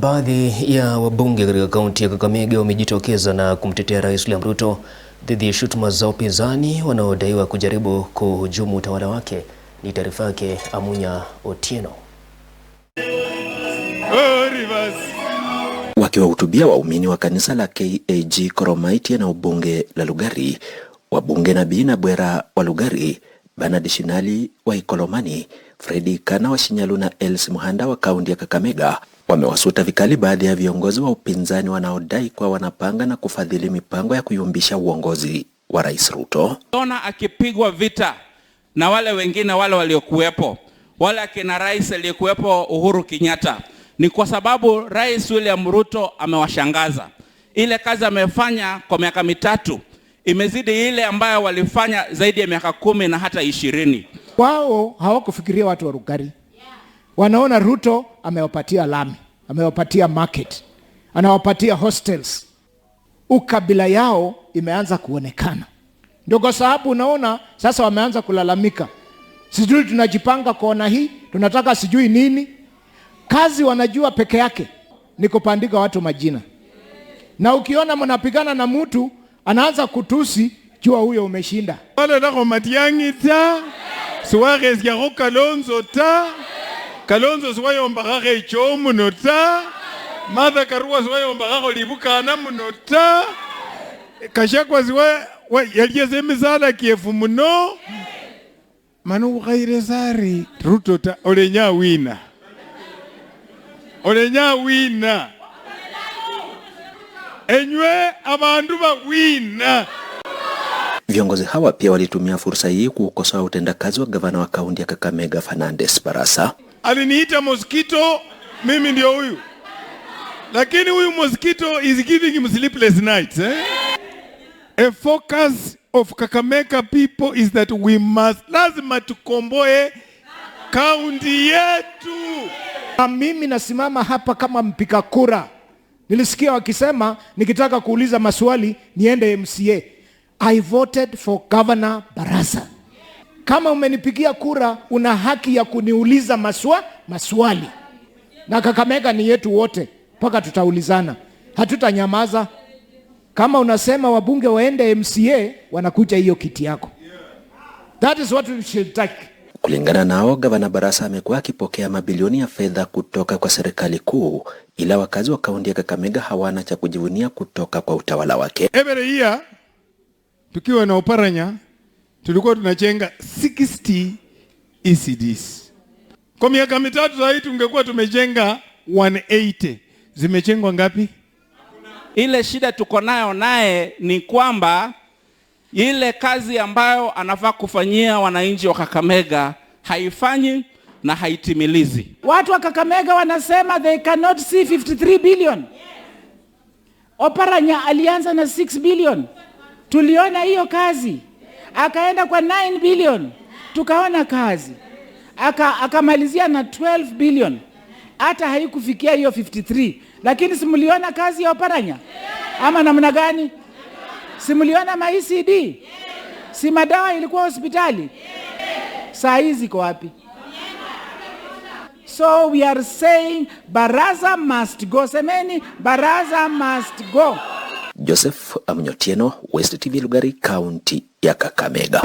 Baadhi ya wabunge katika kaunti ya Kakamega wamejitokeza na kumtetea Rais William Ruto dhidi ya shutuma za upinzani wanaodaiwa kujaribu kuhujumu utawala wake. Ni taarifa yake Amunya Otieno. Wakiwahutubia waumini wa kanisa la KAG Koromait na ubunge la Lugari, wabunge na Bwera wa Lugari, Bernard Shinali wa Ikolomani, Fredi Kana wa Shinyalu na Els Muhanda wa kaunti ya Kakamega wamewasuta vikali baadhi ya viongozi wa upinzani wanaodai kuwa wanapanga na kufadhili mipango ya kuyumbisha uongozi wa Rais Ruto. Ona akipigwa vita na wale wengine wale waliokuwepo wale akina rais aliyekuwepo Uhuru Kenyatta, ni kwa sababu Rais William Ruto amewashangaza. Ile kazi amefanya kwa miaka mitatu imezidi ile ambayo walifanya zaidi ya miaka kumi na hata ishirini. Wao hawakufikiria watu wa Rugari, wanaona Ruto amewapatia lami amewapatia market, anawapatia hostels. Ukabila yao imeanza kuonekana, ndio kwa sababu unaona sasa wameanza kulalamika, sijui tunajipanga kona hii, tunataka sijui nini. Kazi wanajua peke yake ni kupandika watu majina, na ukiona mnapigana na mtu anaanza kutusi, jua huyo umeshinda. na matiangi ta suarez ya ta kalonzo siwayombakakho echoo muno ta martha karua siwayombakakho livukana muno ta kashakwa siwa yaliesa emisala kyefu muno mana ukhaire sari ruto ta olenya wina olenya wina enywe avandu vawina Viongozi hawa pia walitumia fursa hii kuukosoa utendakazi wa gavana wa kaunti ya Kakamega Fernandes Barasa aliniita mosquito, mimi ndio huyu. Lakini huyu mosquito is giving him sleepless nights eh? A focus of Kakamega people is that we must, lazima tukomboe kaunti yetu. Na mimi nasimama hapa kama mpika kura. Nilisikia wakisema nikitaka kuuliza maswali niende MCA. I voted for Governor Barasa. Kama umenipigia kura, una haki ya kuniuliza maswa, maswali. Na Kakamega ni yetu wote, mpaka tutaulizana, hatutanyamaza. Kama unasema wabunge waende MCA, wanakuja hiyo kiti yako. That is what we should take. Kulingana nao, gavana Barasa amekuwa akipokea mabilioni ya fedha kutoka kwa serikali kuu, ila wakazi wa kaunti ya Kakamega hawana cha kujivunia kutoka kwa utawala wake. Every year tukiwa na uparanya tulikuwa tunachenga 60 ECDs. Kwa miaka mitatu sahii tungekuwa tumejenga 180. Zimejengwa ngapi? Ile shida tuko nayo naye ni kwamba ile kazi ambayo anafaa kufanyia wananchi wa Kakamega haifanyi na haitimilizi. Watu wa Kakamega wanasema they cannot see 53 billion. Oparanya alianza na 6 billion, tuliona hiyo kazi akaenda kwa 9 billion tukaona kazi aka, akamalizia na 12 billion hata haikufikia hiyo 53, lakini simuliona kazi ya Oparanya ama namna gani? Simuliona ma ECD, si madawa ilikuwa hospitali, saa hizi iko wapi? So we are saying baraza must go. Semeni baraza must go. Joseph Amnyotieno, West TV Lugari, County ya Kakamega.